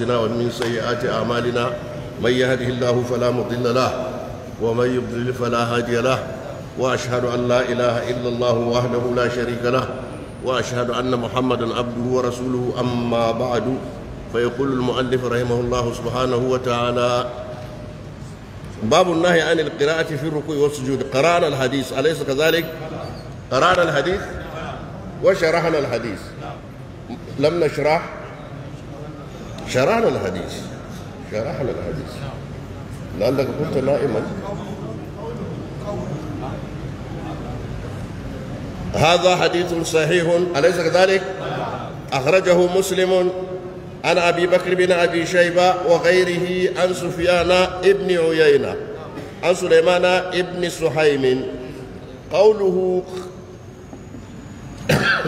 أنفسنا ومن سيئات أعمالنا من يهده الله فلا مضل له ومن يضلل فلا هادي له وأشهد أن لا إله إلا الله وحده لا شريك له وأشهد أن محمدا عبده ورسوله أما بعد فيقول المؤلف رحمه الله سبحانه وتعالى باب النهي عن القراءة في الركوع والسجود قرأنا الحديث أليس كذلك؟ قرأنا الحديث وشرحنا الحديث لم نشرح شرحنا الحديث شرحنا الحديث لأنك كنت نائما هذا حديث صحيح أليس كذلك؟ أخرجه مسلم عن أبي بكر بن أبي شيبة وغيره عن سفيان ابن عيينة عن سليمان ابن سحيم قوله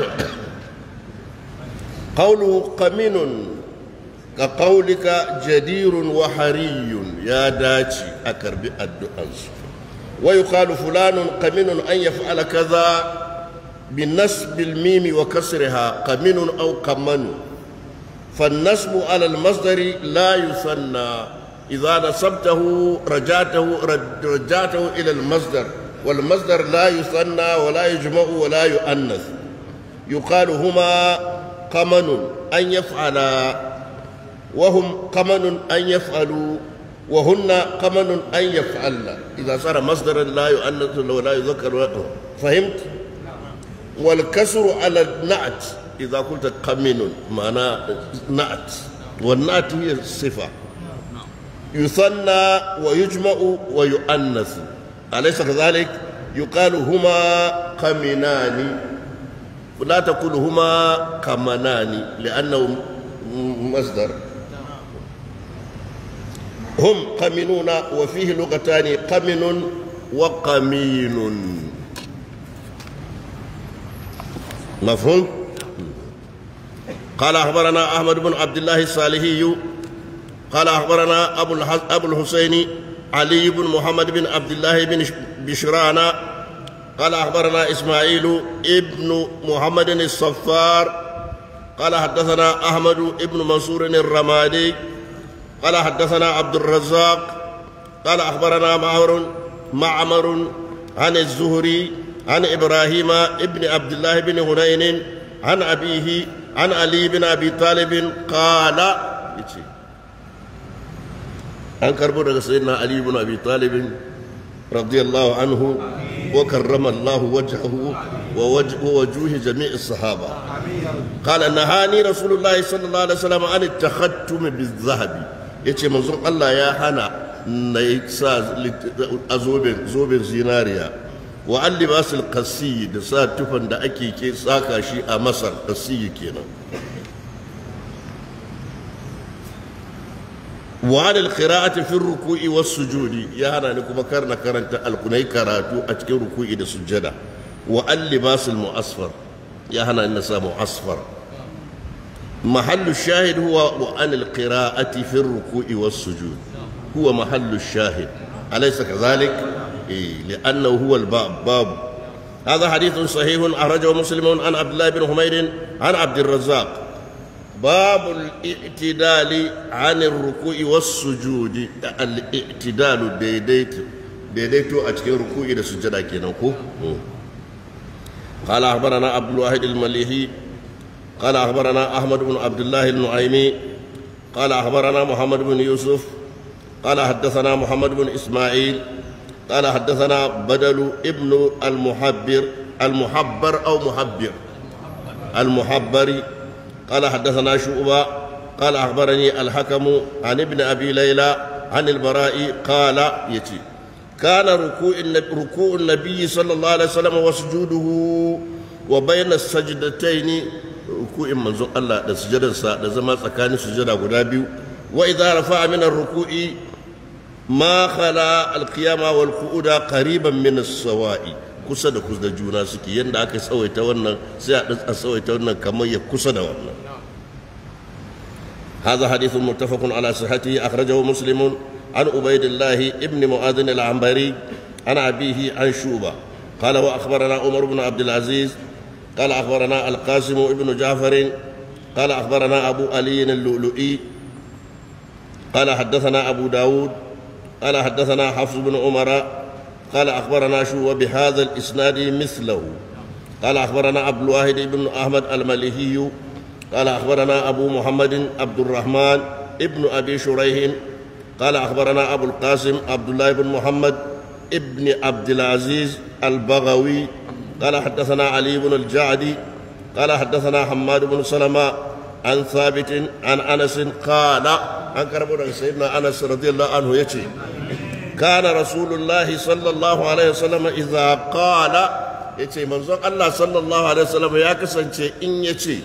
قوله قمين ka ƙaunika jadirun wahariyun ya dace a karbi addu’ansu wa yuqalu fulanun kaminun an ya fa’ala kaza bin nasbil mimi wa kasriha kaminun au kamanu fannasbu alal masdari la yusanna idza nasabtahu rajatahu rajatahu ila al masdar wal masdar la yusanna wa la yujma'u wa la yuannas yuqalu huma qamanun an yaf'ala وهم قمن أن يفعلوا وهن قمن أن يفعلن إذا صار مصدرا لا يؤنث ولا يذكر ولا فهمت؟ والكسر على النعت إذا قلت قمن معنى نعت والنعت هي الصفة يثنى ويجمع ويؤنث أليس كذلك؟ يقال هما قمنان ولا تقول هما قمنان لأنه مصدر هم قمنون وفيه لغتان قمن وقمين مفهوم قال أخبرنا أحمد بن عبد الله الصالحي قال أخبرنا أبو, أبو الحسين علي بن محمد بن عبد الله بن بشرانا قال أخبرنا إسماعيل ابن محمد الصفار قال حدثنا أحمد بن منصور الرمادي قال حدثنا عبد الرزاق قال أخبرنا معمر معمر عن الزهري عن إبراهيم ابن عبد الله بن هنين عن أبيه عن علي بن أبي طالب قال an karbo daga sayyidina ali ibn abi talib radiyallahu anhu wa karrama Allah wajhahu wa wajuhi jami'i sahaba qala nahani rasulullah sallallahu alaihi wasallam an at-takhattum ya ce manzon Allah ya hana na yi sa a zoben zinariya wa an libasul kasiyi da sa tufan da ake ke tsaka shi a masar kasiyi kenan wa da alkhira'ati fi ruku'i wa sujudi ya hana ni kuma karna karanta alkunai karatu a cikin ruku'i da sujjada wa an libasul mu'asfar ya hana ni na sa mu'asfar محل الشاهد هو وأن القراءة في الركوع والسجود هو محل الشاهد أليس كذلك؟ إيه لأنه هو الباب باب هذا حديث صحيح أخرجه مسلم عن عبد الله بن حمير عن عبد الرزاق باب الاعتدال عن الركوع والسجود الاعتدال ديديت ديديتو أتكي ركوع إلى سجدك كينا قال أخبرنا عبد الواحد المليحي قال أخبرنا أحمد بن عبد الله النعيمي قال أخبرنا محمد بن يوسف قال حدثنا محمد بن إسماعيل قال حدثنا بدل ابن المحبر المحبر أو محبر المحبر قال حدثنا شعبة قال أخبرني الحكم عن ابن أبي ليلى عن البراء قال يتي كان ركوع ركوع النبي صلى الله عليه وسلم وسجوده وبين السجدتين ruku'in manzon Allah da sujadarsa da zama tsakanin sujada guda biyu wa idza rafa'a min rukui ma khala al-qiyama wal qu'uda qariban min as-sawa'i kusa da kusa da juna suke yanda aka tsawaita wannan sai a tsawaita wannan kamar ya kusa da wannan هذا حديث متفق على صحته أخرجه مسلم عن عبيد الله ابن معاذ العنبري عن أبيه عن شوبة قال وأخبرنا عمر بن عبد العزيز قال أخبرنا القاسم ابن جعفر قال أخبرنا أبو علي اللؤلؤي قال حدثنا أبو داود قال حدثنا حفص بن عمر قال أخبرنا شو بهذا الإسناد مثله قال أخبرنا أبو الواحد بن أحمد المليهي قال أخبرنا أبو محمد عبد الرحمن ابن أبي شريح قال أخبرنا أبو القاسم عبد الله بن محمد ابن عبد العزيز البغوي قال حدثنا علي بن الجعدي قال حدثنا حماد بن سلمة عن ثابت عن أنس قال عن كربون سيدنا أنس رضي الله عنه يتي كان رسول الله صلى الله عليه وسلم إذا قال يتي منزوم الله صلى الله عليه وسلم يا كسنتي إن يتي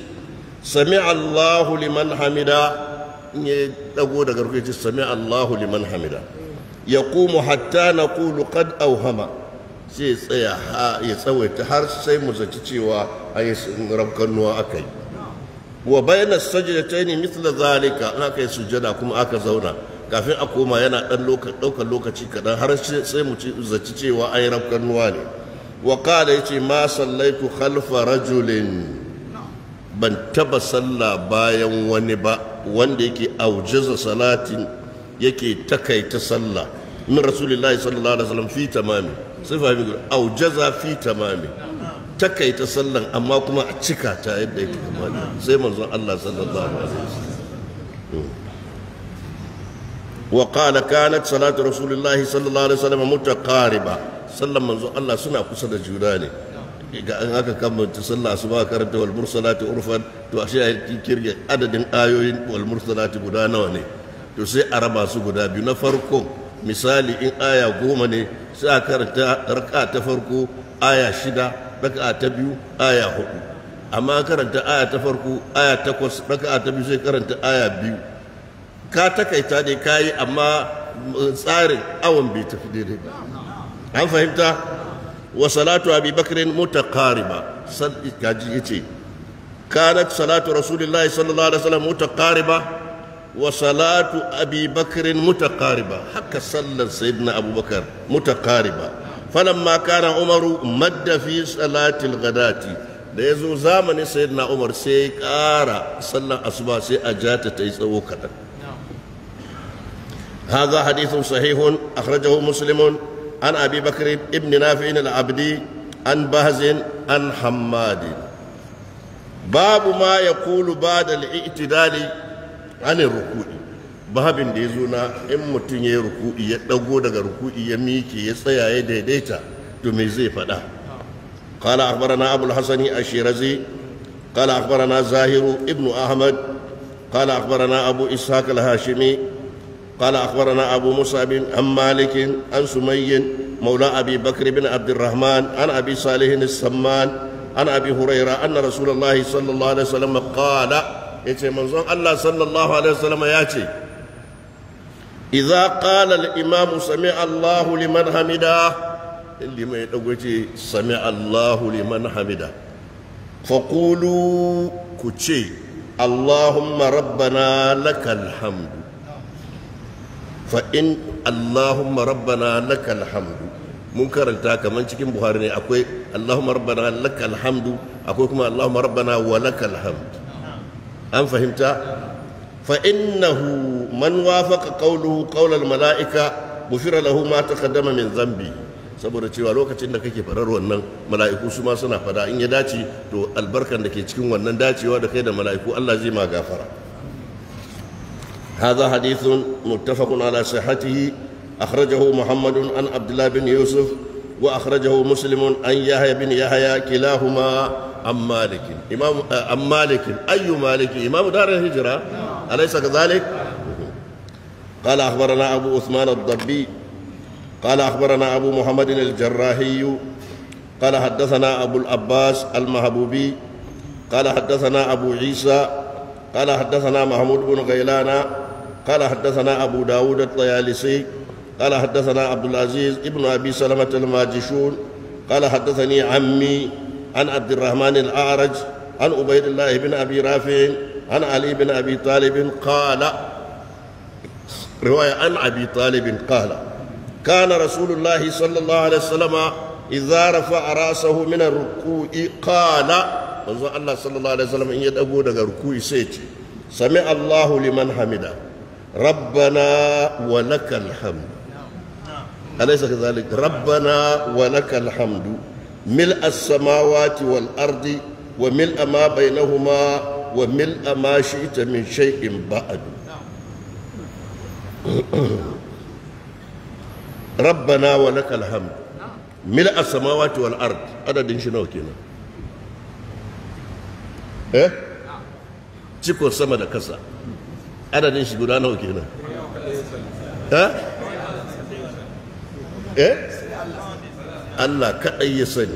سمع الله لمن حمدا إن يقول دقرقيتي سمع الله لمن حمدا يقوم حتى نقول قد أوهما zai tsaya ya tsawaita har sai mu zaci cewa a yi rabkanuwa aka yi wa bayyana sajdatayni mithla zalika an aka yi sujada kuma aka zauna kafin a koma yana dan ɗaukar lokaci kaɗan har sai mu zaci cewa ayi rabkanuwa ne wa qala yace ma sallaitu khalfa rajulin ban taba sallah bayan wani ba wanda yake aujaza salatin yake takaita sallah min rasulillahi sallallahu alaihi wasallam fi tamamin sifa bi gudu au jaza fi tamami takaita sallan amma kuma a cika ta yadda yake kamata sai manzon Allah sallallahu alaihi wasallam wa qala kanat salatu rasulullahi sallallahu alaihi wasallam mutaqariba sallan manzon Allah suna kusa da juna ne ga an aka kammata sallah su ba karanta wal mursalati urfan to ashe a kirge adadin ayoyin wal mursalati guda nawa ne to sai a raba su guda biyu na farko misali in aya goma ne sai a karanta raka ta farko aya shida raka ta biyu aya hudu amma karanta aya ta farko aya takwas raka ta biyu sai karanta aya biyu ka takaita ne ka yi amma tsarin awon bai tafi daidai ba an fahimta wa salatu abi bakrin mutaqariba gaji yace kanat salatu rasulillahi sallallahu alaihi wasallam mutaqariba وصلاة أبي بكر متقاربة حق صلى سيدنا أبو بكر متقاربة فلما كان عمر مد في صلاة الغداة da ya zo zamanin sayyidina umar sai ya ƙara sallar asuba sai a ja ta yi tsawo kaɗan هذا حديث صحيح أخرجه مسلم عن أبي بكر ابن نافع العبدي عن بهز عن حماد باب ما يقول بعد الاعتدال anin ruku'i babin da ya zo na in mutum ya yi ruku'i ya ɗago daga ruku'i ya miƙe ya tsaya ya daidaita to me zai faɗa قال أخبرنا أبو الحسن الشيرازي قال أخبرنا زاهر ابن أحمد قال أخبرنا أبو إسحاق الهاشمي قال أخبرنا أبو موسى بن عن مالك عن سمي مولى أبي بكر بن عبد الرحمن عن أبي صالح السمان عن أبي هريرة أن رسول الله صلى الله عليه وسلم قال yace manzon Allah sallallahu alaihi wasallam ya ce idza qala al sami Allahu liman hamida liman ya dago ce sami Allahu liman hamida fa qulu ku ce Allahumma rabbana lakal hamdu fa in Allahumma rabbana lakal hamdu mun karanta kamar cikin buhari ne akwai allahumma rabbana lakal hamdu akwai kuma allahumma rabbana wa lakal hamdu an fahimta fa man wafaqa qawluhu qawlal mala'ika bufira lahu ma kaddama min zambi saboda cewa lokacin da kake farar wannan mala'iku su ma suna fada in ya dace to albarkan da ke cikin wannan dacewa da kai da mala'iku Allah zai ma gafara هذا حديث متفق على صحته أخرجه محمد عن عبد الله بن يوسف وأخرجه مسلم عن يحيى بن يحيى كلاهما أم مالك إمام آه، أم مالك أي مالك إمام دار الهجرة أليس كذلك؟ قال أخبرنا أبو عثمان الضبي قال أخبرنا أبو محمد الجراحي قال حدثنا أبو العباس المهبوبي قال حدثنا أبو عيسى قال حدثنا محمود بن غيلان قال حدثنا أبو داود الطيالسي قال حدثنا عبد العزيز ابن أبي سلمة الماجشون قال حدثني عمي عن عبد الرحمن الأعرج عن عبيد الله بن أبي رافع عن علي بن أبي طالب قال رواية عن أبي طالب قال كان رسول الله صلى الله عليه وسلم إذا رفع رأسه من الركوع قال manzon Allah sallallahu alaihi wasallam in ya dago daga ruku'i sai ce sami Allahu liman hamida rabbana wa lakal hamd alaysa kadhalik rabbana wa lakal hamdu ملء السماوات والأرض وملء ما بينهما وملء ما شئت من شيء بعد ربنا ولك الحمد ملء السماوات والأرض عدد شنو كنا eh ciko sama da kasa adadin shi guda nawa kenan eh Allah kaɗai ya sani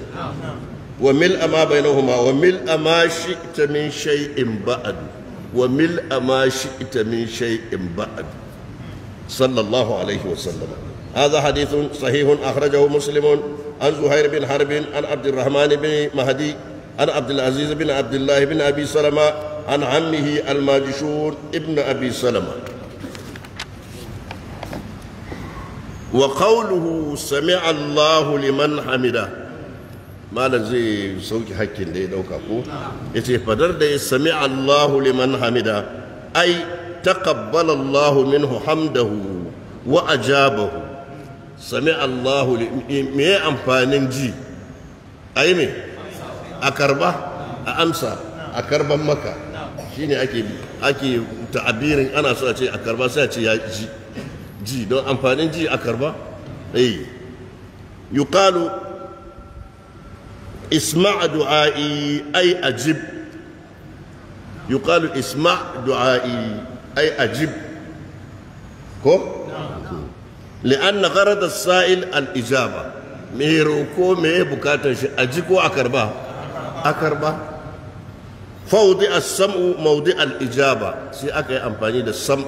wa mil ama bainahuma wa mil ama shi'ta min shay'in ba'd wa mil shi ita min shay'in ba'd sallallahu alaihi wa sallama. هذا حديث صحيح أخرجه مسلم عن زهير بن حرب عن عبد الرحمن بن مهدي عن عبد العزيز بن عبد الله بن أبي سلمة عن عمه الماجشون ابن أبي سلمة wa qawluhu sami'a Allahu liman hamida malam zai sauki hakkin da ya ɗauka, ko yace fadar da ya sami'a Allahu liman hamida ai taqabbala Allahu hamdahu wa ajabahu sami'a Allahu me amfanin ji ai me a karba a amsa a karban maka shine ake ake ta'abirin ana a ce a ce ya ji ji don amfanin ji a karba eh yuqalu isma' du'a'i ay ajib yuqalu isma' du'a'i ay ajib ko لأن غرض السائل الإجابة مي مي بكاتن أجيكو أكربا أكربا samu maudi al'ijaba الإجابة سي أكي أمباني دا السمع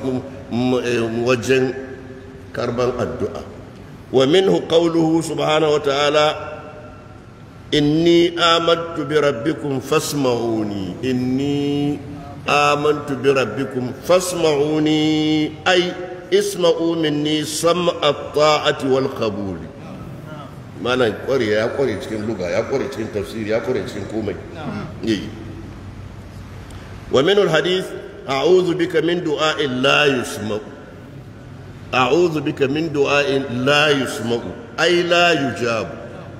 موجن كرب الدعاء ومنه قوله سبحانه وتعالى إني آمنت بربكم فاسمعوني إني آمنت بربكم فاسمعوني أي اسمعوا مني سمع الطاعة والقبول ما لا يقري يا قري تكين لغة يا قري تكين تفسير يا قري تكين كومي إيه. ومن الحديث أعوذ بك من دعاء لا يسمع a'udhu bika min du'a'in la yusma'u ai la yujabu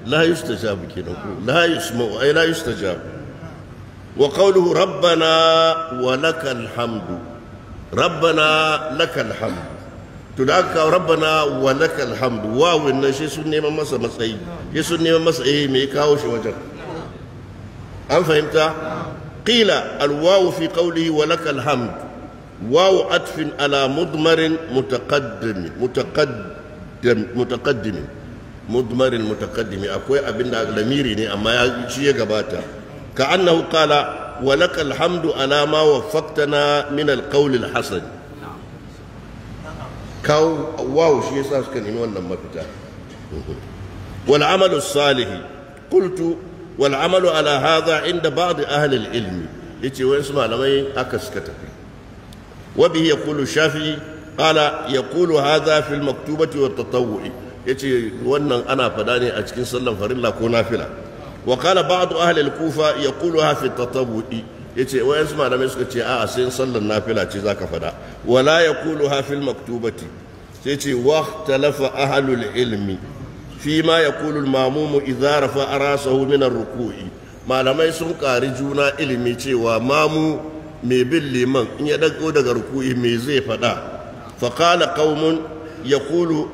la yustajabu kenan ko la yusma'u ai la yustajabu wa qawluhu rabbana wa lakal hamdu rabbana lakal hamdu to da aka hamdu wawin nan shi sun neman masa matsayi shi sun neman masa eh kawo shi wajen an fahimta qila alwawu fi qawlihi wa hamdu واو عطف على مضمر متقدم متقدم متقدم مضمر متقدم اكو ابن لميري ني اما شي غباتا كانه قال ولك الحمد على ما وفقتنا من القول الحسن كاو واو شي يسا سكن ني wannan mafita والعمل الصالح قلت والعمل على هذا عند بعض اهل العلم yace wayansu malamai aka suka tafi وبه يقول الشافعي قال يقول هذا في المكتوبة والتطوع يتي وانا أنا فداني أتكين صلى فرلا كنا فلا وقال بعض أهل الكوفة يقولها في التطوع يتي ويسمع لما يسكتي آه سين صلى النافلة ذاك فدا ولا يقولها في المكتوبة يتي واختلف أهل العلم فيما يقول الماموم إذا رفع رأسه من الركوع malamai sun ƙari juna ilimi cewa mamu mai bin liman in ya dago daga ruku'i mai zai faɗa faƙala qaumun yaqulu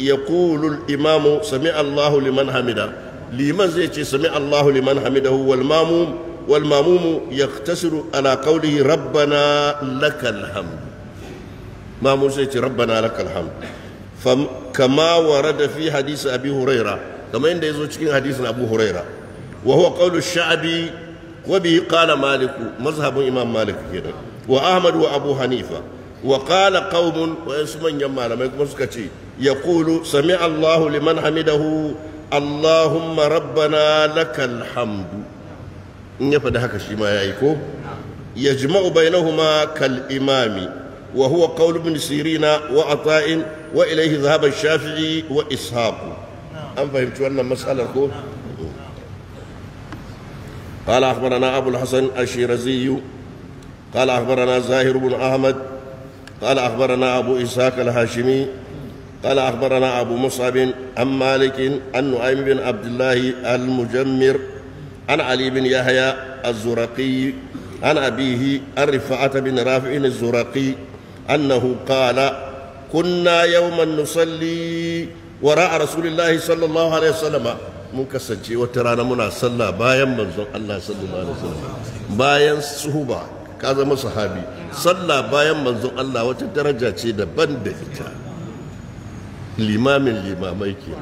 yaqulu al-imamu sami Allahu liman hamida liman zai ce sami Allahu liman Hamida wal mamum wal mamum yaktasiru ala qawlihi rabbana lakal ham. mamum zai ce rabbana lakal hamd kama warada fi hadisi abi huraira kamar yadda zo cikin hadisin abu huraira wa huwa qawlu sha'bi وبه قال مالك مذهب إمام مالك كده وأحمد وأبو حنيفة وقال قوم ويسمن يما لما يقول سمع الله لمن حمده اللهم ربنا لك الحمد إن يفد هكا شيما يأيكو يجمع بينهما كالإمام وهو قول ابن سيرين وعطاء وإليه ذهب الشافعي وإسحاق أم فهمت أن مسألة قال أخبرنا أبو الحسن الشيرزي قال أخبرنا زاهر بن أحمد قال أخبرنا أبو إسحاق الهاشمي قال أخبرنا أبو مصعب عن مالك عن نعيم بن عبد الله المجمر عن علي بن يحيى الزرقي عن أبيه عن رفعة بن رافع الزرقي أنه قال كنا يوما نصلي وراء رسول الله صلى الله عليه وسلم mun kasance wata rana muna sallah bayan manzon Allah sallallahu alaihi wasallam bayan suhuba ka zama sahabi sallah bayan manzon Allah wata daraja ce daban da ita limamin limamai ke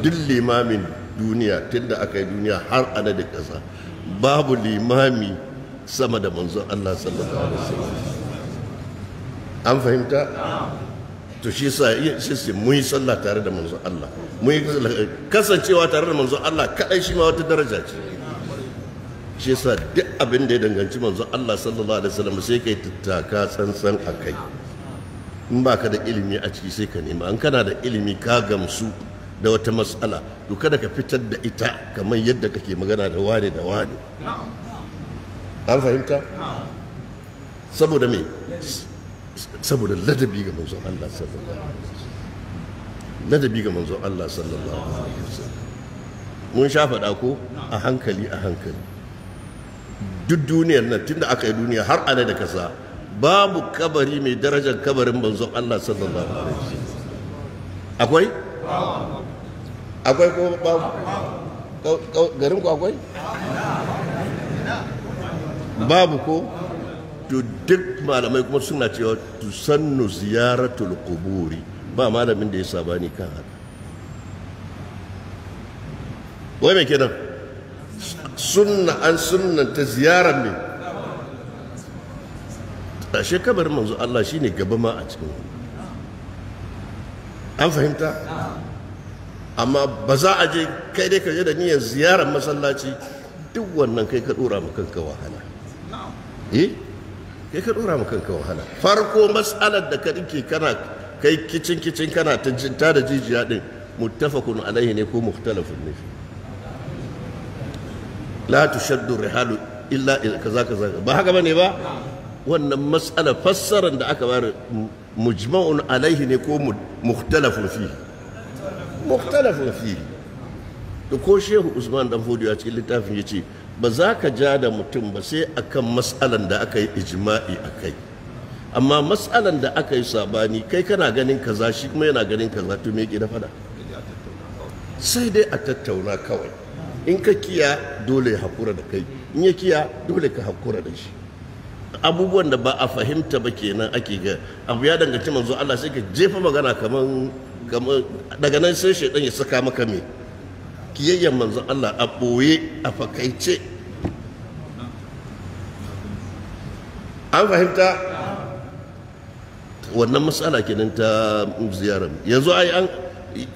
duk limamin duniya tunda aka yi duniya har ana da ƙasa babu limami sama da manzon Allah sallallahu alaihi wasallam an fahimta to shi yasa shi mun yi sallah tare da manzon Allah mun yi kasancewa tare da manzon Allah kadai shi ma wata daraja ce shi sa duk abin da ya danganci manzon Allah sallallahu alaihi wasallam sai kai tattaka tsantsan akai in baka da ilimi a ciki sai ka nema An kana da ilimi ka gamsu da wata matsala to kada ka fitar da ita kamar yadda kake magana da wani da wane an fahimta saboda me saboda ladabi ga manzon Allah sallallahu alaihi wasallam ladabi ga manzon Allah sallallahu alaihi wasallam mun sha faɗa ko a hankali a hankali duk duniyar nan tunda aka yi duniya har ana da kasa babu kabari mai darajar kabarin manzon Allah sallallahu alaihi wasallam akwai akwai ko babu garin ku akwai babu ko to duk malamai kuma suna cewa to sannu ziyaratul kuburi ba malamin da ya sabani kan haka wai mai kenan sunna an sunnan ta ziyarar ne a shekabar manzo Allah shi ne gaba ma a cikin an fahimta amma ba za a je kai dai ka da niyyar ziyarar masallaci duk wannan kai ka dora ma kanka wahala eh kai ka dora ma kanka wahala farko matsalar da ka dinke kana kai kicin kicin kana ta jinta da jijiya din muttafaqun alaihi ne ko mukhtalafun ne la tushaddu rihalu illa kaza kaza ba haka bane ba wannan matsalar fassaran da aka bari mujma'un alaihi ne ko mukhtalafun fi mukhtalafun fi ko shehu usman dan fodiyo a cikin littafin yace ba za ka ja da mutum ba sai akan matsalan da aka yi ijma'i a kai amma matsalan da aka yi sabani kai kana ganin kaza shi kuma yana ganin kaza to me ke da fada sai dai a tattauna kawai in ka kiya dole ya hakura da kai in ya kiya dole ka hakura da shi abubuwan da ba a fahimta ba kenan ake ga abu ya danganci manzo Allah sai ka jefa magana kaman daga nan sai shaidan ya saka maka me kiyayyen manzon Allah a ɓoye a fakaice an fahimta wannan matsala kenan ta ziyarar yanzu ai an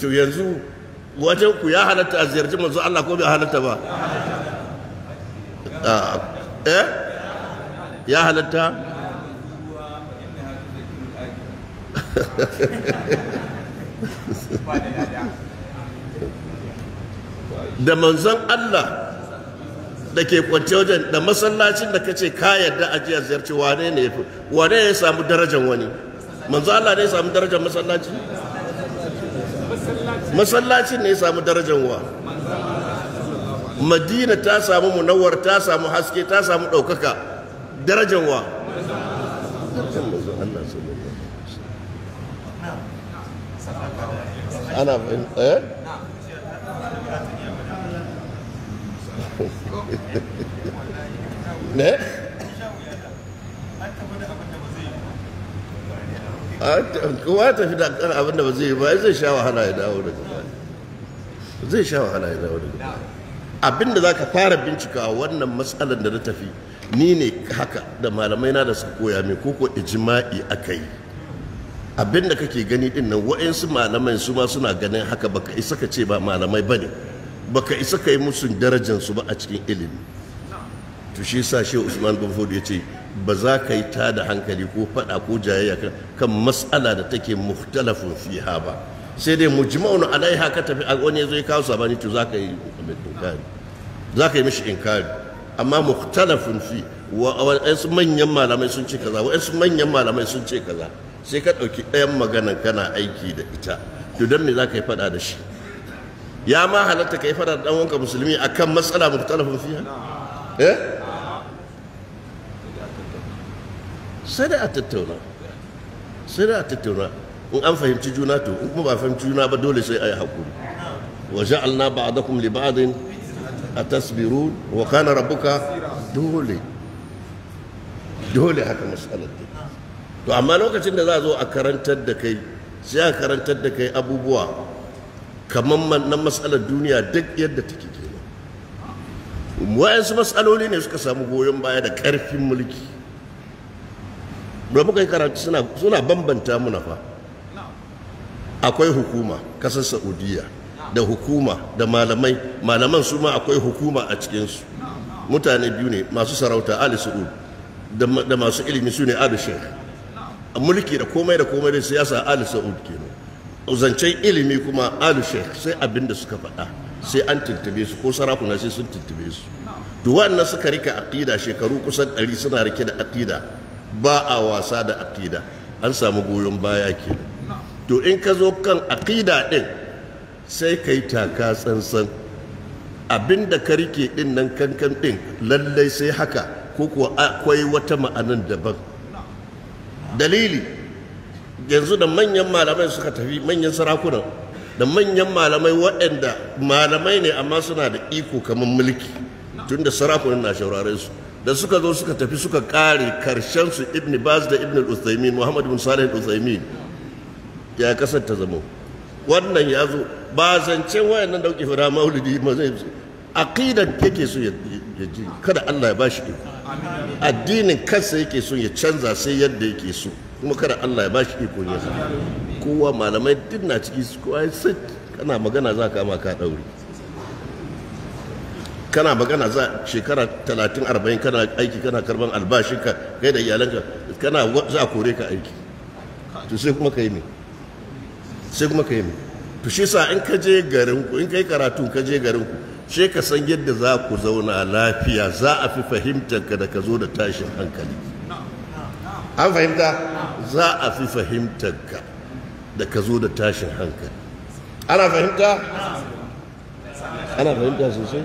to yanzu wajen ku ya halatta a ziyarci manzon Allah ko bai halatta ba ah, eh ya halatta da manzon Allah da ke kwance wajen da masallacin da kace ka yarda a jiya ziyarci wane ne ya fi wane ya samu darajar wani manzon Allah ne ya samu darajar masallaci masallacin ne ya samu darajar wa madina ta samu munawar ta samu haske ta samu ɗaukaka darajar wa ana eh ne? kuma ya tafi da kan abin da ba zai yi ba zai sha wahala ya dawo daga baya zai sha wahala ya dawo daga baya abin da za ka fara bincikawa wannan matsalar da na tafi ni ne haka da malamai na da suka koya mai koko ijima'i aka yi abin da kake gani din nan wa'insu malamai su ma suna ganin haka baka isa ka ce ba malamai ba ne baka isa ka yi musu darajansu ba a cikin ilimi to shi sa shi usman bin fodi ya ce ba za ka yi ta da hankali ko faɗa ko jayayya kan matsala da take muhtalafin fiha ba sai dai mu wani alai haka tafi a wani zai kawo sabani to za ka yi inkari za ka yi mishi inkari amma muhtalafin fi wa wasu manyan malamai sun ce kaza Wa wasu manyan malamai sun ce kaza sai ka ɗauki ɗayan maganan kana aiki da ita to don me za ka yi faɗa da shi ya ma halatta kai fada da wanka musulmi akan matsala muktalafin fiha eh sai da a tattauna an fahimci juna to kuma ba fahimci juna ba dole sai a yi hakuri wa ja'alna ba'dakum li ba'din atasbirun wa kana rabbuka dole dole haka mas'alar amma lokacin da za a zo a karantar da kai sai a karantar da kai abubuwa kamar na matsalar duniya duk yadda take kenan wayansu matsaloli ne suka samu goyon baya da karfin mulki da muka karatu suna bambanta muna fa akwai hukuma kasar saudiya da hukuma da malamai malaman su ma akwai hukuma a cikinsu mutane biyu ne masu sarauta ali su'ud da masu ilimi su ne ali a mulki da komai da komai da siyasa ali sa'ud kenan zancen ilimi kuma alushe sai abin da suka faɗa sai an tuntube su ko sarakuna sai sun tuntube su duwan na suka rika aqida shekaru kusan ɗari suna rike da aqida ba a wasa da aqida an samu goyon baya ke to in ka zo kan aqida ɗin sai ka yi taka tsantsan abin da ka rike ɗin nan kankan ɗin lallai sai haka ko kuwa akwai wata ma'anan daban dalili yanzu da manyan malamai suka tafi manyan sarakunan da manyan malamai waɗanda malamai ne amma suna da iko kamar mulki tun da sarakunan na shauraren su da suka zo suka tafi suka kare karshen su ibn baz da ibn al-uthaymin muhammad bin salih al-uthaymin ya kasar ta zamo wannan ya zo ba zancen wayannan dauke fara maulidi ma zai aqidar yake so ya ji kada Allah ya bashi iko addinin kansa yake so ya canza sai yadda yake so kuma kada Allah ya bashi iko ya sa kowa malamai duk na ciki su kowa ya kana magana za ka ma ka daure kana magana za shekara 30 40 kana aiki kana karban albashinka kai da iyalanka kana za kore ka aiki to sai kuma kai me sai kuma kai me to shi sa in ka je garin ku in kai karatu ka je garin ku sai ka san yadda za ku zauna lafiya za a fi fahimtar ka da ka zo da tashin hankali an fahimta za a fi fahimta ka da ka zo da tashin hankali ana fahimta ana fahimta sosai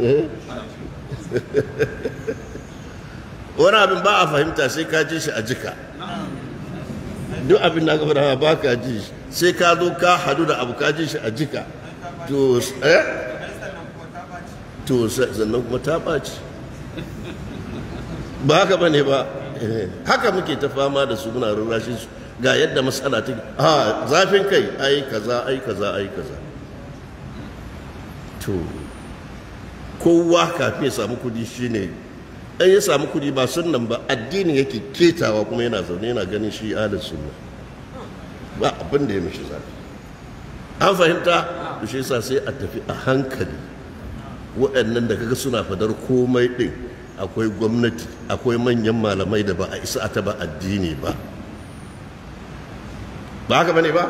eh. wani abin ba a fahimta sai ka ji shi a jika duk abin da gaba da ba ka ji shi sai ka zo ka hadu da abu ka ji shi a jika to eh sannan kuma ta ɓaci ba haka ba ne ba Eh, haka muke ta fama da su muna rarrashin su ga yadda matsala ta ke, ha ah, zafin kai ai kaza ai kaza ai kaza to kowa kafin ya samu kudi shine ɗan ya samu kudi ba nan ba addini yake ketawa kuma yana zaune yana ganin shi ahlus sunna ba abin da ya mishi zafi an fahimta to shi yasa sai a tafi a hankali waɗannan da kaga suna fadar komai ɗin akwai gwamnati akwai manyan malamai da ba a isa ta ba addini ba ba haka bane ba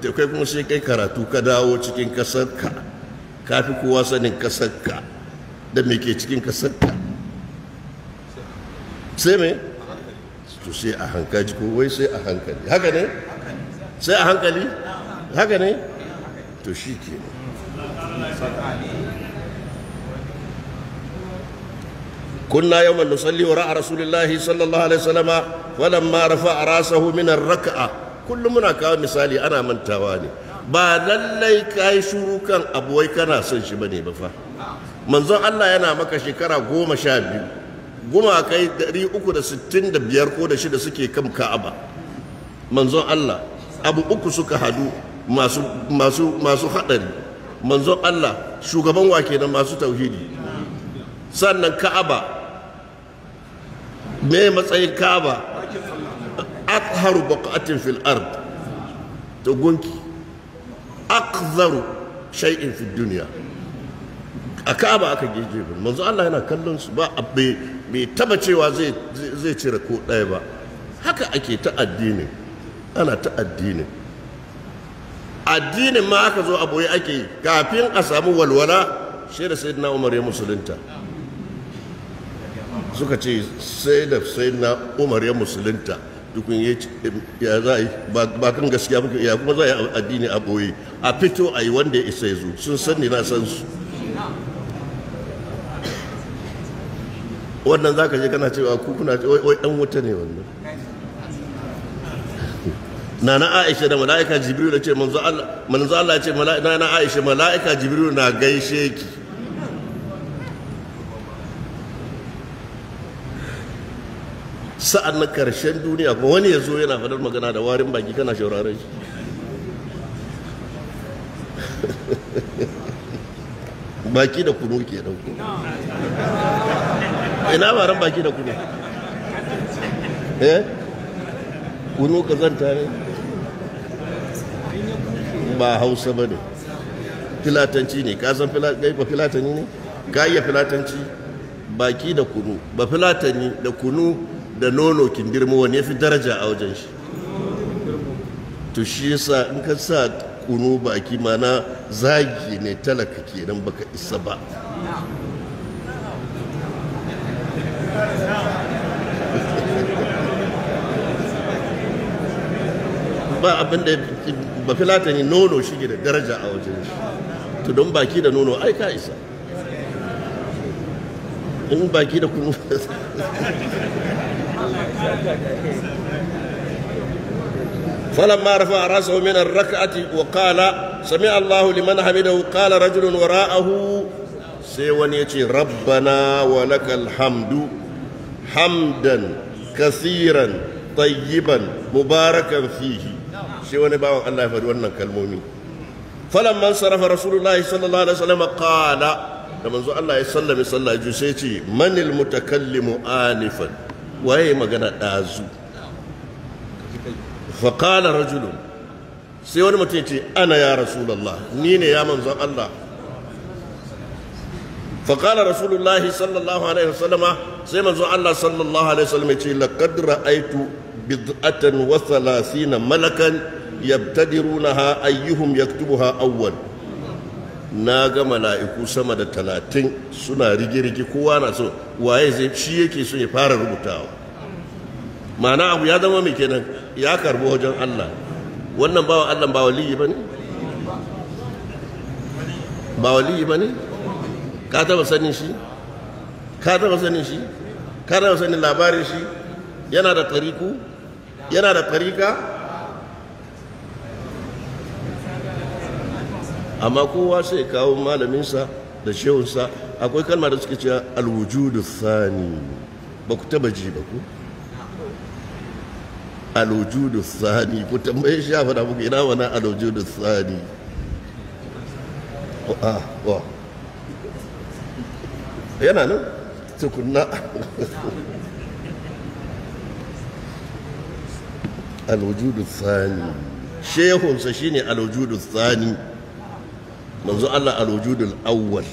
da kai kuma sai kai karatu ka dawo cikin kasarka ka fi kowa sanin kasarka da me ke cikin kasarka sai me to sai a hankali ko wai sai a hankali haka ne sai a hankali haka ne to shi ke ne Kunna يوما نصلي وراء رسول الله صلى الله عليه وسلم ولما رفع راسه من الركعة كل منا كاو مثالي أنا من تواني ba lallai ka yi shuru kan abuwai kana son shi bane ba fa manzon Allah yana maka shekara goma sha biyu gumakai ɗari uku da sittin da biyar ko da shida suke kan ka'aba manzon Allah abu uku suka hadu masu masu masu Allah shugaban wa na masu tauhidi sannan ka'aba me matsayin kaba atharu baqatin fil ard to gunki akzaru shay'in fi dunya a kaba aka geje manzo Allah yana kallon su ba abbe bai taba cewa zai cire ko ɗaya ba haka ake ta addini ana ta addini addinin ma aka zo a ake kafin a samu walwala shi da na Umar ya musulunta suka ce sai da sai na umar ya musulunta dukun ya za a yi ba kan gaskiya muka ya kuma za a yi addini a boye a fito a yi wanda ya isa ya zo sun san ni na san su wannan za ka je kana cewa ku kuna ce wai dan wuta ne wannan nana aisha da mala'ika jibril ce manzo Allah manzo Allah ce mala'ika nana aisha mala'ika jibril na gaishe ki sa'an na karshen duniya kuma wani ya zo yana faɗar magana da warin baki kana shauraren shi baki da kuno ke dauko ina baran baki da kuno eh kuno zanta ne ba hausa ba ne filatanci ne ka san ba filatani ne ka iya filatanci baki da kunu ba filatani da kunu da nono kindirmo wani ya fi daraja a wajen shi to shi yasa in ka sa kunu baki mana zagi ne talaka kenan baka isa ba ba abin da ba filata ne nono shi da daraja a wajen shi to don baki da nono ai ka isa in baki da kunu فلما رفع راسه من الركعة وقال سمع الله لمن حمده قال رجل وراءه سيونيتي ربنا ولك الحمد حمدا كثيرا طيبا مباركا فيه سيوني باو الله فدونا كالمومي فلما انصرف رسول الله صلى الله عليه وسلم قال لما الله يسلم يصلى جسيتي من المتكلم آنفا waye magana ɗazu faƙalar rajulun sai wani mutum ce ana ya rasulallah ni ne ya manzon Allah faƙalar rasulullahi sallallahu alaihi wasallama sai manzon Allah sallallahu alaihi wasallama ce laqad ra'aitu bid'atan wa thalathina malakan yabtadirunaha ayyuhum yaktubuha awwal na ga mala'iku sama da talatin suna rige-rige kowa na so waye zai shi yake so ya fara rubutawa ma'ana abu ya zama mai kenan ya karbi wajen Allah wannan bawa Allah ba waliyi bane ba waliyi bane ka taba sanin shi ka taba sanin shi ka taba sanin labarin shi yana da tariku yana da tarika amma kowa sai kawo malaminsa da shehunsa akwai kalma da suke cewa alwujudu sani. ba ku taba ji ba ku alwujudu sani ku tambaye shi ya fara muku ina wana alwujudu sani ah, yana nan tukunna alwujudu sani, shehunsa shine alwujudu sani. manzo Allah al-wujudul awwal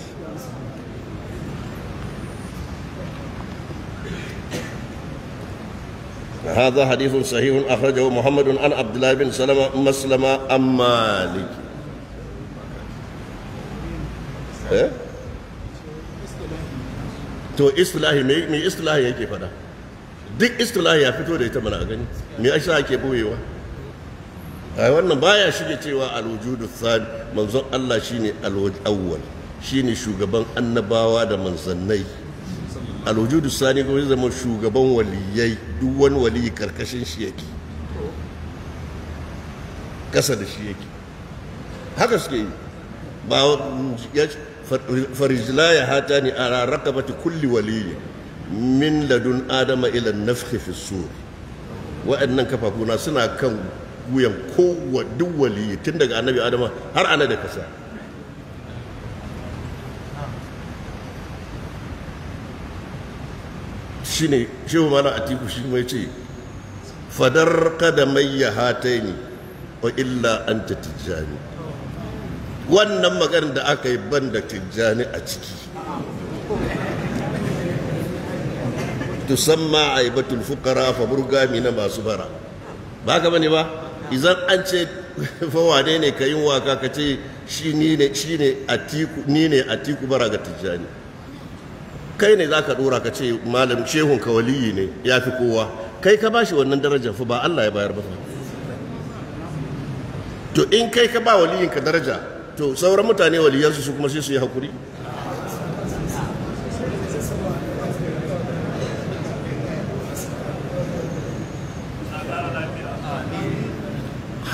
هذا حديث صحيح أخرجه محمد عن عبد الله بن سلمة مسلمة أم إيه؟ to istilahi me me istilahi yake fada duk istilahi ya fito da ita bana a gani me yasa ake boyewa wannan baya shige cewa alwujudu thani manzon Allah shine alawwal shine shugaban annabawa da manzannai alwujudu thani kuma zai zama shugaban waliyai duk wani waliyi karkashin shi yake kasa da shi yake haka suke yi ba ya hata ne a rakabati kulli waliyi min ladun adama ila nafhi fi sur wa'annan kafafuna suna kan wuyan kowa duk tun daga annabi adama har ana da kasa shi ma mana atiku shi mai ce fadar kada mai ya ne wa illa an ta tijjani wannan maganin da aka yi ban da tijjani a ciki tusamma aibatul fukara fa burga mina masu bara ba ka bane ba idan an ce fawane ne ka yi waka ka ce shi ni ne a tiku ne bara ga tijjani kai ne za ka dora ka ce malam shehun ka waliyi ne ya fi kowa kai ka ba shi wannan darajar fa ba Allah ya bayar ba to in kai ka ba waliyinka daraja to sauran mutane waliyarsu su kuma sai su yi hakuri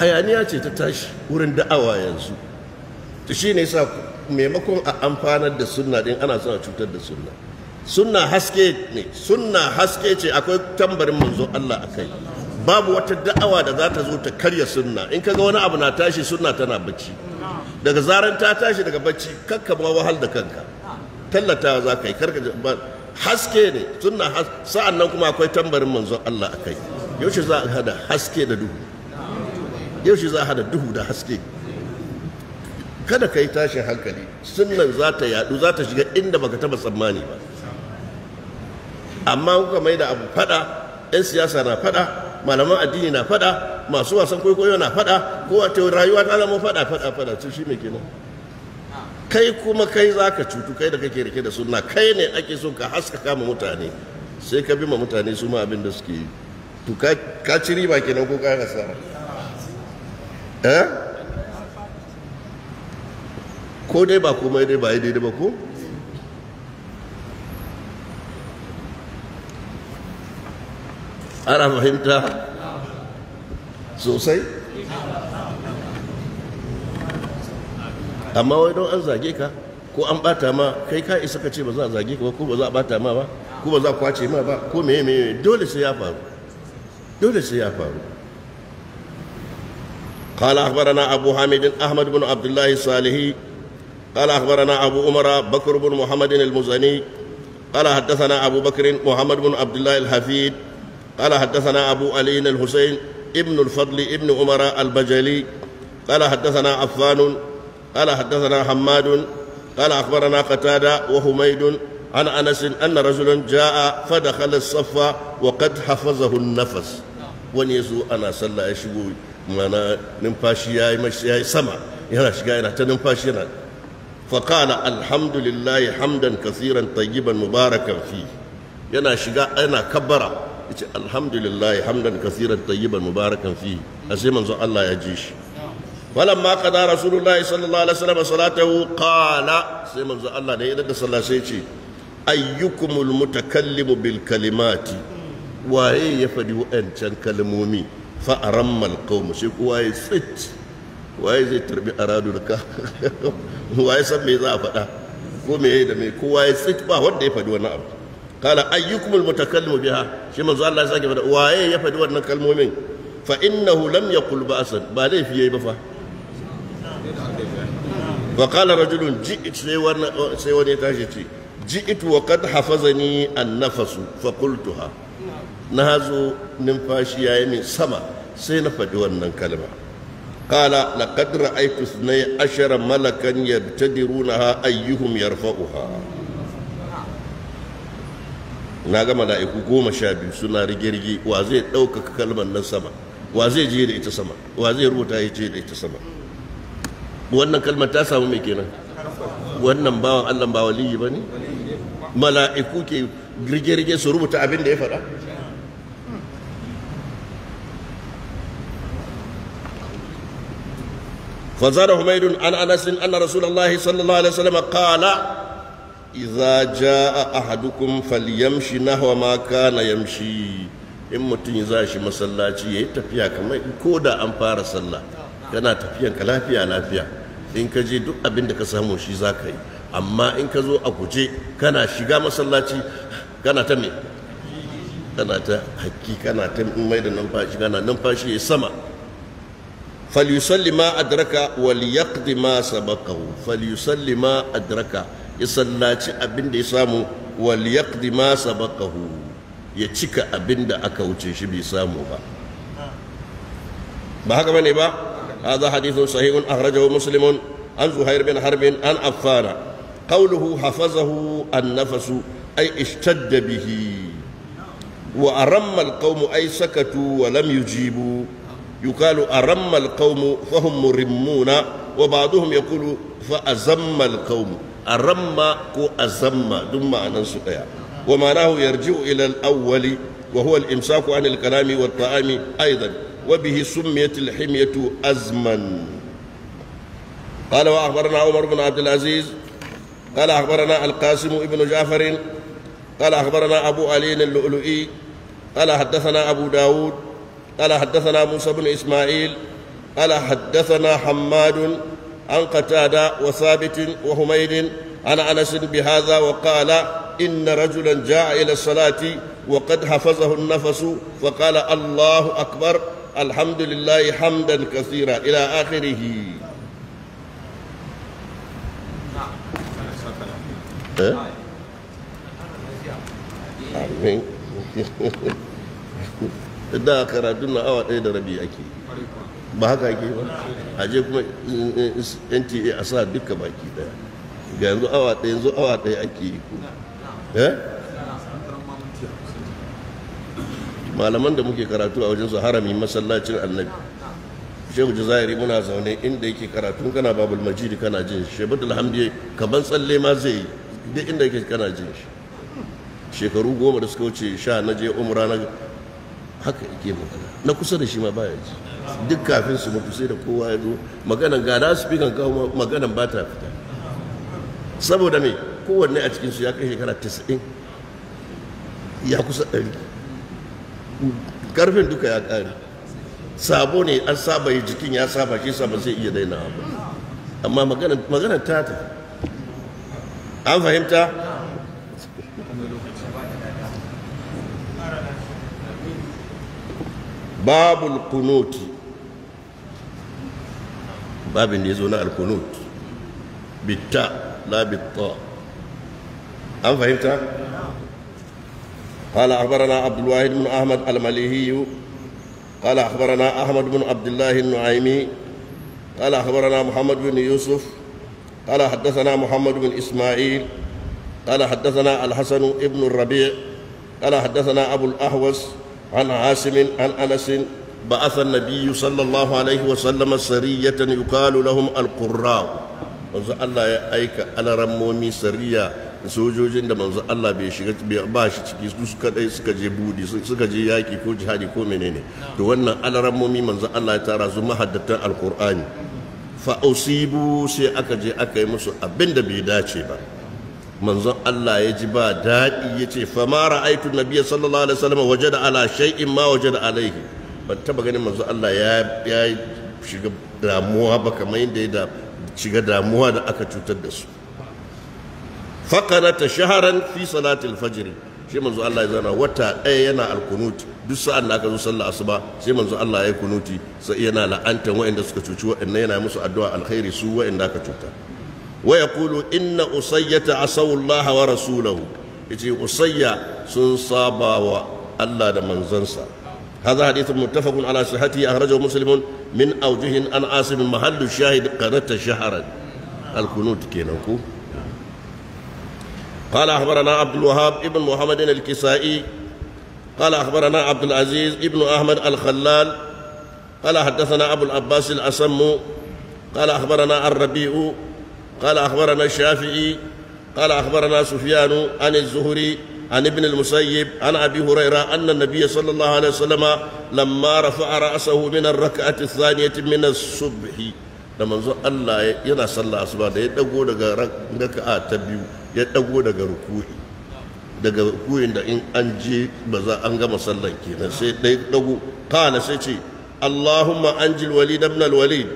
hayaniya ce ta tashi wurin da'awa yanzu to ne yasa maimakon a amfanar da sunna din ana son a cutar da sunna sunna haske ne sunna haske ce akwai tambarin manzo Allah a kai. babu wata da'awa da za ta zo ta karya sunna in kaga wani abu na tashi sunna tana bacci daga zaran ta tashi daga bacci kakka ma wahal da kanka tallatawa za ka yi karka haske ne sunna sa'an nan kuma akwai tambarin manzo Allah a kai. yaushe za a hada haske da duhu yau shi za a hada duhu da haske kada ka yi tashin hankali sunan za ta yadu za ta shiga inda baka taba tsammani ba amma kuka mai da abu fada yan siyasa na fada malaman addini na fada masu wasan kwaikwayo na fada kowa ta rayuwa ta zama fada fada fada su shi mai kenan kai kuma kai za ka cutu kai da kake rike da sunna kai ne ake so ka haska kama mutane sai ka bi ma mutane su ma abin da suke yi to ka ci riba kenan ko ka hasara eh ko dai ba komai dai ba yi daidai ba ko ana fahimta sosai amma wai don an zage ka ko an bata ma kai ka isa ka ce ba za a zage ka ba ko ba za a bata ma ba ko ba za a kwace ma ba ko meye meye dole sai ya faru dole sai ya faru قال أخبرنا أبو حامد أحمد بن عبد الله الصالحي قال أخبرنا أبو عمر بكر بن محمد المزني قال حدثنا أبو بكر محمد بن عبد الله الحفيد قال حدثنا أبو علي الحسين ابن الفضل ابن عمر البجلي قال حدثنا عفان قال حدثنا حماد قال أخبرنا قتادة وحميد عن أنس أن رجلا جاء فدخل الصف وقد حفظه النفس ونيزو أنا صلى يشبوي mana numfashi ya yi sama yana shiga yana ta numfashi yana faƙala alhamdulillahi hamdan kasiran tayyiban mubarakan fi yana shiga yana kabbara yace alhamdulillahi hamdan kasiran tayyiban mubarakan fi ashe manzon Allah ya ji shi فلما قضى رسول الله صلى الله عليه وسلم صلاته قال سيما الله ده يدك صلى سيتي أيكم المتكلم بالكلمات وهي يفدي أنت kalmomi? fa'arammal qawm shi kowa ya tsit waye zai tarbi aradu da ka waye san me za a faɗa ko me da me kowa ya tsit ba wanda ya faɗi wannan abu kala ayyukumul mutakallimu biha shi manzo Allah ya sake faɗa waye ya faɗi wannan kalmomin fa innahu lam yaqul ba'san ba laifi fiye ba fa wa qala rajulun ji'it sai wani sai wani ya tashi ce ji'it wa qad hafazani an-nafasu fa qultuha na hazo, numfashi ya yi min sama sai na faɗi wannan kalma kala na kadra aitus na yi ashirar malakan na ha ayyuhum uha. na ga mala'iku goma sha biyu suna rigirgi wa zai ɗaukaka kalmar nan sama wa zai je da ita sama wa zai rubuta ya je da ita sama wannan kalmar ta samu mai kenan wannan bawan allah ba waliyi ba ne mala'iku ke rige-rige su rubuta abin da ya faɗa فزاد حميد عن انس ان رسول الله صلى الله عليه وسلم قال اذا جاء احدكم فليمشي نحو ما كان يمشي in mutum ya zashi masallaci ya yi tafiya kamar ko da an fara sallah kana tafiyan ka lafiya lafiya in ka je duk abin da ka samu shi za ka yi amma in ka zo a guje kana shiga masallaci kana ta me ta hakki kana ta da numfashi kana sama falyusalli ma adraka wal yaqdi ma sabaqahu falyusalli ma adraka ya sallaci abin da ya samu wal yaqdi ma sabaqahu ya cika abin da aka wuce shi bai samu ba ba haka ba هذا حديث صحيح أخرجه مسلم عن زهير بن حرب عن عفان قوله حفظه النفس أي اشتد به وأرم القوم أي سكتوا ولم يجيبوا يقال أرم القوم فهم مرمون وبعضهم يقول فأزم القوم أرم كو أزم دم أن سؤال ومعناه يرجع إلى الأول وهو الإمساك عن الكلام والطعام أيضا وبه سميت الحمية أزما قال وأخبرنا عمر بن عبد العزيز قال أخبرنا القاسم بن جعفر قال أخبرنا أبو علي اللؤلؤي قال حدثنا أبو داود قال حدثنا موسى بن إسماعيل قال حدثنا حماد عن قتادة وثابت وهميد عن أنس بهذا وقال إن رجلا جاء إلى الصلاة وقد حفظه النفس فقال الله أكبر الحمد لله حمدا كثيرا إلى آخره آمين da karatun na awa ɗaya da rabi ake ba haka ake ba a je kuma nta a sa duka baki ɗaya ga yanzu awa ɗaya yanzu awa ɗaya ake yi ko eh? malaman da muke karatu a wajen su harami masallacin annabi shehu jazairi muna zaune inda yake karatu kana babul majidi kana jin shi shebatul hamdi kaban tsalle ma zai yi duk inda yake kana jin shi shekaru goma da suka wuce sha na je umra na haka yake magana na kusa da shi ma baya ji duk kafin su mutu sai da kowa ya zo maganan gada su fi kawo maganan ba ta fita saboda me kowanne a cikinsu ya kai shekara 90 ya kusa ɗari karfin duka ya ƙare sabo ne an saba yi jikin ya saba shi saba zai iya daina ba amma maganan tata an fahimta باب القنوت باب النزول القنوت بالتاء لا بالطاء أم فهمت؟ قال أخبرنا عبد الواحد بن أحمد المليهي قال أخبرنا أحمد بن عبد الله النعيمي قال أخبرنا محمد بن يوسف قال حدثنا محمد بن إسماعيل قال حدثنا الحسن بن الربيع قال حدثنا أبو الأحوص عن عاصم عن أنس بعث النبي صلى الله عليه وسلم سرية يقال لهم القراء manzo Allah ya aika alarammomi sariya sojojin da manzo Allah bai ba shi ciki su suka dai suka je budi suka je yaki ko jihadi ko menene Da wannan alarammomi manzo Allah ya tara su mahaddatan alqur'ani fa usibu sai aka je aka yi musu abin da bai dace ba manzon Allah ya ji ba daɗi ya ce fama ra'aitu nabiya sallallahu alaihi wasallam waje da ala shay'in ma waje da alaihi ban taba ganin manzon Allah ya shiga damuwa ba kamar yadda ya shiga damuwa da aka cutar da su ta shaharan fi salatil fajr shi manzon Allah ya zana wata ɗaya yana alkunuti duk sa'an da aka zo sallar asuba sai manzon Allah ya kunuti sai yana la'antan waɗanda suka cuci waɗanda yana musu addu'a alkhairi su waɗanda aka cuta wa yaqulu inna usayyata asaw Allah wa rasulahu yace usayya sun saba wa Allah da manzansa هذا حديث متفق على صحته أخرجه مسلم من أوجه عن عاصم محل الشاهد قناة شهرا الكنوت كينوكو قال أخبرنا عبد الوهاب ابن محمد الكسائي قال أخبرنا عبد العزيز ابن أحمد الخلال قال حدثنا أبو العباس الأسم قال أخبرنا الربيع قال أخبرنا الشافعي قال أخبرنا سفيان عن الزهري عن ابن المسيب عن أبي هريرة أن النبي صلى الله عليه وسلم لما رفع رأسه من الركعة الثانية من الصبح لما الله ينا صلى أصبح يدقو دقا ركعة تبيو يدقو دقا ركوعي daga rukuyin da in an je ba za an gama sallan kenan sai dai dago kana sai ce Allahumma anjil walid ibn al-walid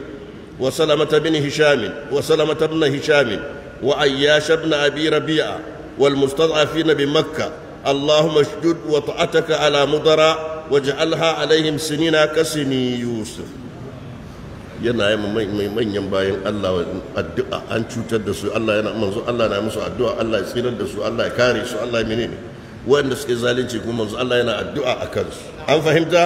وسلمة بن هشام وسلمة بن هشام وعياش بن أبي ربيعة والمستضعفين بمكة اللهم اشدد وطأتك على مضر واجعلها عليهم سنين كسني يوسف yana yi mai manyan bayan Allah addu'a an cutar da su Allah yana manzo Allah na musu addu'a Allah ya tsirar da su Allah ya kare su Allah ya menene wanda suke zalunci kuma manzo Allah yana addu'a a kansu an fahimta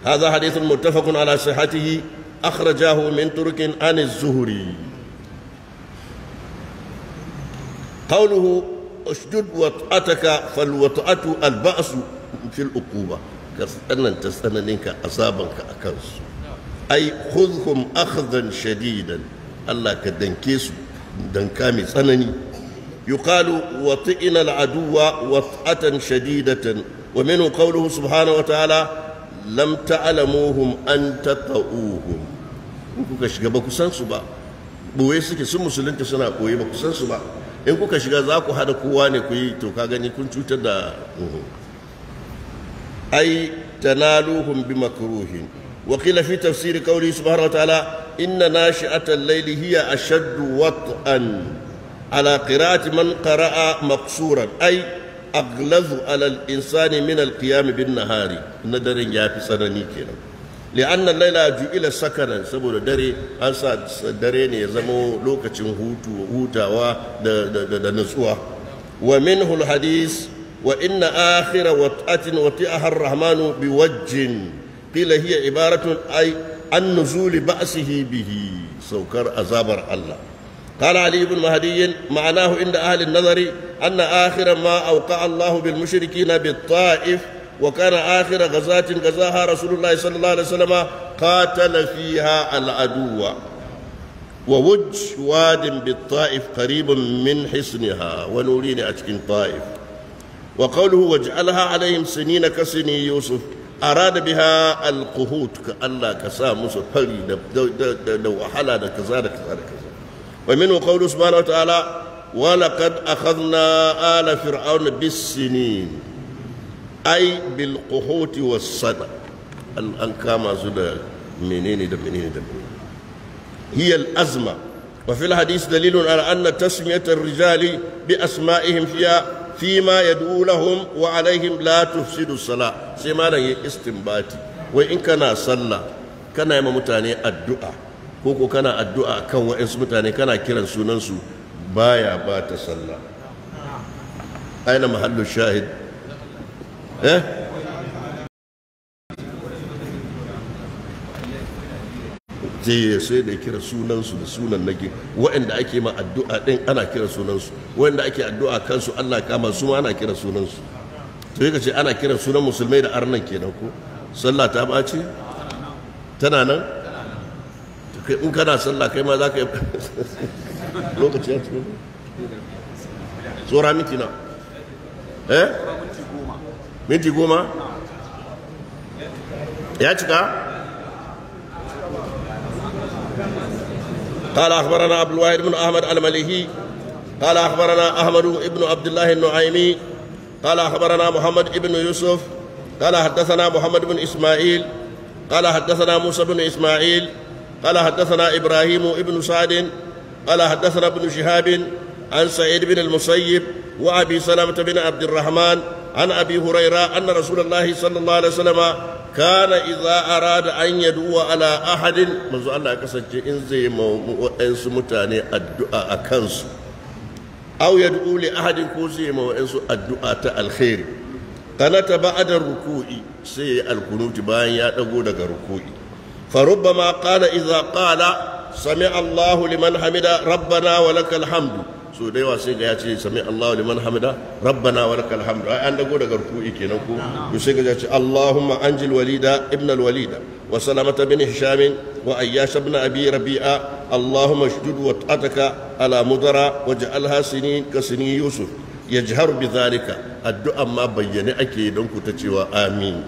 hadha hadithun muttafaqun ala sihhatihi أخرجه من ترك عن الزهري قوله اشدد وطأتك فالوطأة البأس في الأقوبة كأن تستننك أصابك أكنس أي خذهم أخذا شديدا الله كدنكيس دنكامي سنني يقال وطئنا العدو وطأة شديدة ومنه قوله سبحانه وتعالى lam ta'lamuhum an tata'uhum in kuka shiga ba ku san su ba boye suke sun musulunta suna koyi ba ku san su ba in kuka shiga za ku hada kowa ne ku yi to ka gani kun cutar da ai tanaluhum bi makruhin wa qila fi tafsir qawli subhanahu wa ta'ala inna nashi'ata al-layli hiya ashaddu wat'an ala qira'ati man qara'a maqsuran ai aglazu alal insani min alqiyam bin nahari na daren yafi tsanani kenan li'anna laila ju'ila sakaran saboda dare an sa dare ne ya zama lokacin hutu hutawa da da da nutsuwa wa minhu alhadis wa inna akhira wat'atin wati'aha arrahmanu biwajjin qila hiya ibaratun ay an nuzuli ba'sihi bihi saukar azabar Allah قال علي بن مهدي معناه عند أهل النظر أن آخر ما أوقع الله بالمشركين بالطائف وكان آخر غزاة غزاها رسول الله صلى الله عليه وسلم قاتل فيها العدو ووج واد بالطائف قريب من حصنها ونورين أتكن طائف وقوله واجعلها عليهم سنين كسني يوسف أراد بها القهوت كألا كساموس فري دو حلا كذا كذا ومنه قوله سبحانه وتعالى ولقد أخذنا آل فرعون بالسنين أي بالقحوط والصدى الآن كما زد منين دا منين دا هي الأزمة وفي الحديث دليل على أن تسمية الرجال بأسمائهم فيها فيما يدعو لهم وعليهم لا تفسد الصلاة سيما استنباتي وإن كان صلى كان يا متاني الدعاء ko ko kana addu'a kan waɗansu mutane kana kiran sunansu baya ba ta sallah aina mahallu shahid eh je sai da kira sunansu da sunan nake waɗanda ake ma addu'a din ana kira sunansu waɗanda ake addu'a kansu Allah kama su ma ana kira sunansu to yake ce ana kira sunan musulmai da arnan kenan ko sallah ta ɓace tana nan kai in kana sallah kai ma za ka yi lokaci ya ci tsora miki na eh minti goma ya cika قال أخبرنا عبد الواحد بن أحمد المليهي قال أخبرنا أحمد بن عبد الله النعيمي قال أخبرنا محمد بن يوسف قال حدثنا محمد بن إسماعيل قال حدثنا موسى بن إسماعيل قال حدثنا إبراهيم ابن سعد قال حدثنا ابن شهاب عن سعيد بن المسيب وأبي سلمة بن عبد الرحمن عن أبي هريرة أن رسول الله صلى الله عليه وسلم كان إذا أراد أن يدعو على أحد منذ الله كسجي إن زي وإنس متاني الدعاء كنس أو يدعو لأحد كوزي وإنس الدعاء الخير قنت بعد الركوع سي القنوت باين يا دغو دغ ركوعي فربما قال إذا قال سمع الله لمن حمد ربنا ولك الحمد so da ga ya ce sami Allahu liman hamida rabbana wa lakal hamdu ai an dago daga ruku'i kenan ko to sai ga ya ce Allahumma anjil walida ibn al walida wa salamata bin hisham wa ayyash ibn abi rabi'a Allahumma shdud wa ataka ala mudara waj'alha sinin ka sini yusuf yajharu bi zalika addu'a ma bayyane ake don ku ta cewa amin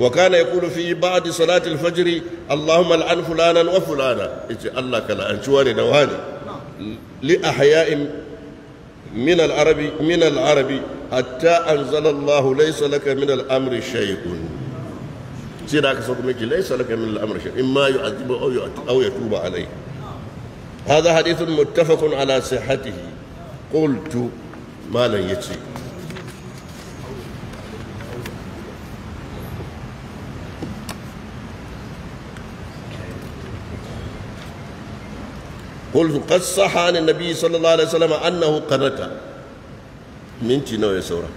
وكان يقول في بعد صلاة الفجر اللهم العن فلانا وفلانا الله كلا أنشواني نوهاني لأحياء من العرب من العرب حتى أنزل الله ليس لك من الأمر شيء سيراك سوكمك ليس لك من الأمر شيء إما يعذبه أو, أو يتوب عليه هذا حديث متفق على صحته قلت ما لن يتسيب قلت قد صح عن النبي صلى الله عليه وسلم أنه قنت منتي نو يا سورة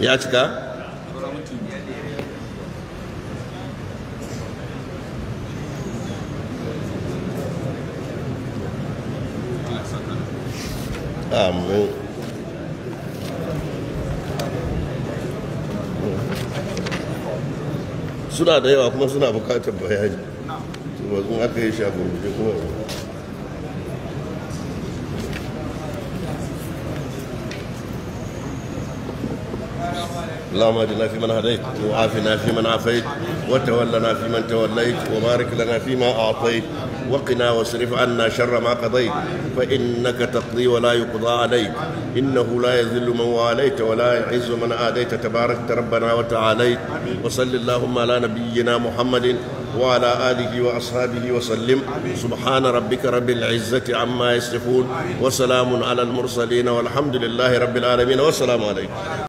يا تكا آمين suna da yawa kuma suna bukatar bayani. Na'am. Ba aka yi shi kuma. اللهم اهدنا فيمن هديت وعافنا فيمن عافيت وتولنا فيمن توليت وبارك لنا فيما اعطيت وقنا واصرف عنا شر ما قضيت فانك تقضي ولا يقضى عليك انه لا يذل من واليت ولا يعز من عاديت تباركت ربنا وتعاليت وصل اللهم على نبينا محمد وعلى آله وأصحابه وسلم سبحان ربك رب العزة عما يصفون وسلام على المرسلين والحمد لله رب العالمين والسلام عليكم